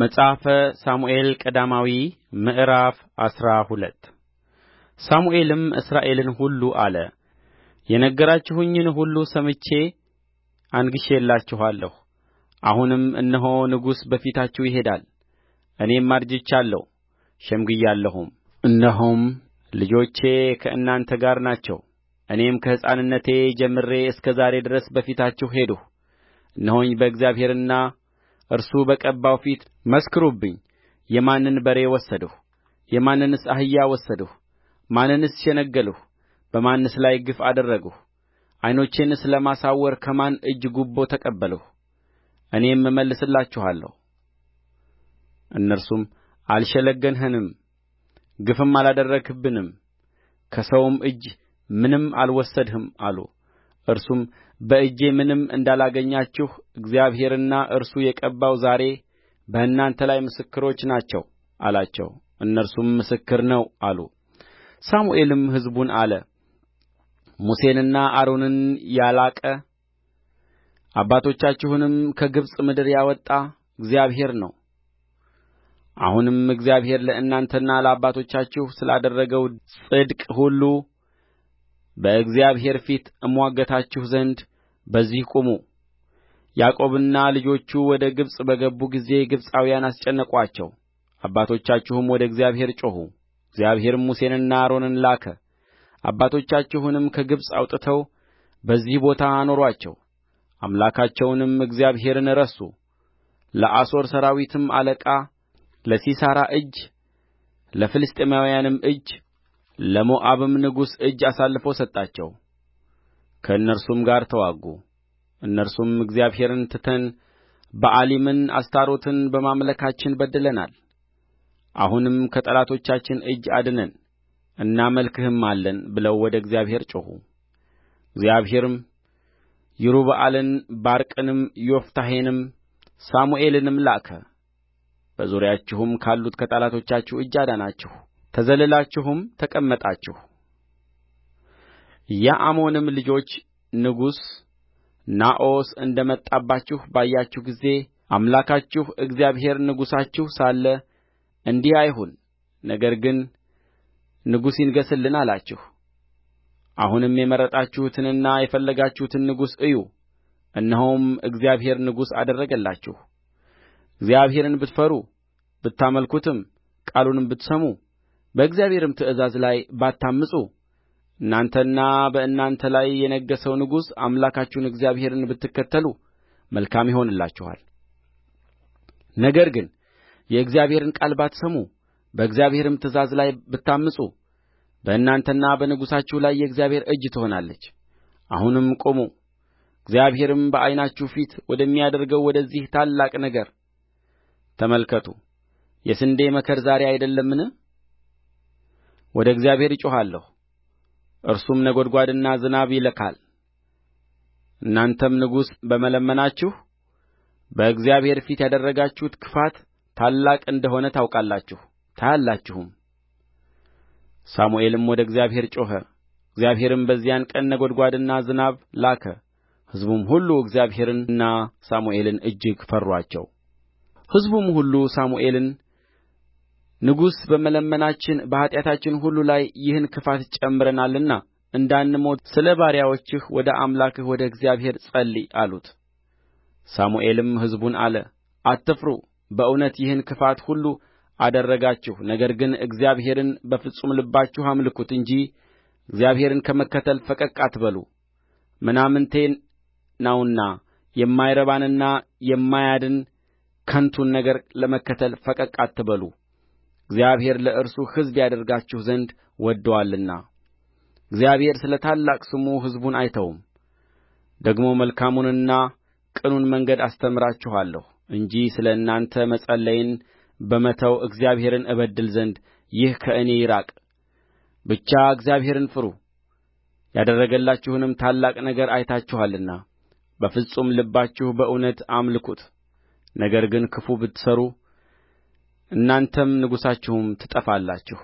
መጽሐፈ ሳሙኤል ቀዳማዊ ምዕራፍ አስራ ሁለት ሳሙኤልም እስራኤልን ሁሉ አለ የነገራችሁኝን ሁሉ ሰምቼ አንግሼላችኋለሁ። አሁንም እነሆ ንጉሥ በፊታችሁ ይሄዳል። እኔም አርጅቻለሁ ሸምግያለሁም። እነሆም ልጆቼ ከእናንተ ጋር ናቸው። እኔም ከሕፃንነቴ ጀምሬ እስከ ዛሬ ድረስ በፊታችሁ ሄድሁ። እነሆኝ በእግዚአብሔርና እርሱ በቀባው ፊት መስክሩብኝ የማንን በሬ ወሰድሁ የማንንስ አህያ ወሰድሁ ማንንስ ሸነገልሁ በማንስ ላይ ግፍ አደረግሁ ዓይኖቼንስ ለማሳወር ከማን እጅ ጉቦ ተቀበልሁ እኔም እመልስላችኋለሁ እነርሱም አልሸነገልኸንም ግፍም አላደረግህብንም ከሰውም እጅ ምንም አልወሰድህም አሉ እርሱም በእጄ ምንም እንዳላገኛችሁ እግዚአብሔርና እርሱ የቀባው ዛሬ በእናንተ ላይ ምስክሮች ናቸው አላቸው እነርሱም ምስክር ነው አሉ ሳሙኤልም ሕዝቡን አለ ሙሴንና አሮንን ያላቀ አባቶቻችሁንም ከግብጽ ምድር ያወጣ እግዚአብሔር ነው አሁንም እግዚአብሔር ለእናንተና ለአባቶቻችሁ ስላደረገው ጽድቅ ሁሉ በእግዚአብሔር ፊት እምዋገታችሁ ዘንድ በዚህ ቁሙ ያዕቆብና ልጆቹ ወደ ግብጽ በገቡ ጊዜ ግብጻውያን አስጨነቁአቸው አባቶቻችሁም ወደ እግዚአብሔር ጮኹ እግዚአብሔርም ሙሴንና አሮንን ላከ አባቶቻችሁንም ከግብጽ አውጥተው በዚህ ቦታ አኖሩአቸው አምላካቸውንም እግዚአብሔርን ረሱ ለአሦር ሠራዊትም አለቃ ለሲሳራ እጅ ለፍልስጥኤማውያንም እጅ ለሞዓብም ንጉሥ እጅ አሳልፎ ሰጣቸው ከእነርሱም ጋር ተዋጉ እነርሱም እግዚአብሔርን ትተን በኣሊምን አስታሮትን በማምለካችን በድለናል አሁንም ከጠላቶቻችን እጅ አድነን እናመልክህማለን ብለው ወደ እግዚአብሔር ጮኹ እግዚአብሔርም ይሩበኣልን ባርቅንም ዮፍታሔንም ሳሙኤልንም ላከ በዙሪያችሁም ካሉት ከጠላቶቻችሁ እጅ አዳናችሁ ተዘልላችሁም ተቀመጣችሁ የአሞንም ልጆች ንጉሥ ናዖስ እንደ መጣባችሁ ባያችሁ ጊዜ አምላካችሁ እግዚአብሔር ንጉሣችሁ ሳለ እንዲህ አይሁን፣ ነገር ግን ንጉሥ ይንገሥልን አላችሁ። አሁንም የመረጣችሁትንና የፈለጋችሁትን ንጉሥ እዩ፣ እነሆም እግዚአብሔር ንጉሥ አደረገላችሁ። እግዚአብሔርን ብትፈሩ ብታመልኩትም ቃሉንም ብትሰሙ በእግዚአብሔርም ትእዛዝ ላይ ባታምፁ እናንተና በእናንተ ላይ የነገሠው ንጉሥ አምላካችሁን እግዚአብሔርን ብትከተሉ መልካም ይሆንላችኋል ነገር ግን የእግዚአብሔርን ቃል ባትሰሙ በእግዚአብሔርም ትእዛዝ ላይ ብታምፁ በእናንተና በንጉሣችሁ ላይ የእግዚአብሔር እጅ ትሆናለች አሁንም ቁሙ እግዚአብሔርም በዓይናችሁ ፊት ወደሚያደርገው ወደዚህ ታላቅ ነገር ተመልከቱ የስንዴ መከር ዛሬ አይደለምን ወደ እግዚአብሔር እጮኻለሁ እርሱም ነጐድጓድና ዝናብ ይልካል እናንተም ንጉሥ በመለመናችሁ በእግዚአብሔር ፊት ያደረጋችሁት ክፋት ታላቅ እንደ ሆነ ታውቃላችሁ ታያላችሁም ሳሙኤልም ወደ እግዚአብሔር ጮኸ እግዚአብሔርም በዚያን ቀን ነጐድጓድና ዝናብ ላከ ሕዝቡም ሁሉ እግዚአብሔርንና ሳሙኤልን እጅግ ፈሩአቸው ሕዝቡም ሁሉ ሳሙኤልን ንጉሥ በመለመናችን በኃጢአታችን ሁሉ ላይ ይህን ክፋት ጨምረናልና እንዳንሞት ስለ ባሪያዎችህ ወደ አምላክህ ወደ እግዚአብሔር ጸልይ አሉት ሳሙኤልም ሕዝቡን አለ አትፍሩ በእውነት ይህን ክፋት ሁሉ አደረጋችሁ ነገር ግን እግዚአብሔርን በፍጹም ልባችሁ አምልኩት እንጂ እግዚአብሔርን ከመከተል ፈቀቅ አትበሉ ምናምንቴ ነውና የማይረባንና የማያድን ከንቱን ነገር ለመከተል ፈቀቅ አትበሉ እግዚአብሔር ለእርሱ ሕዝብ ያደርጋችሁ ዘንድ ወድዶአልና እግዚአብሔር ስለ ታላቅ ስሙ ሕዝቡን አይተውም። ደግሞ መልካሙንና ቅኑን መንገድ አስተምራችኋለሁ እንጂ ስለ እናንተ መጸለይን በመተው እግዚአብሔርን እበድል ዘንድ ይህ ከእኔ ይራቅ። ብቻ እግዚአብሔርን ፍሩ፣ ያደረገላችሁንም ታላቅ ነገር አይታችኋልና በፍጹም ልባችሁ በእውነት አምልኩት። ነገር ግን ክፉ ብትሠሩ እናንተም ንጉሣችሁም ትጠፋላችሁ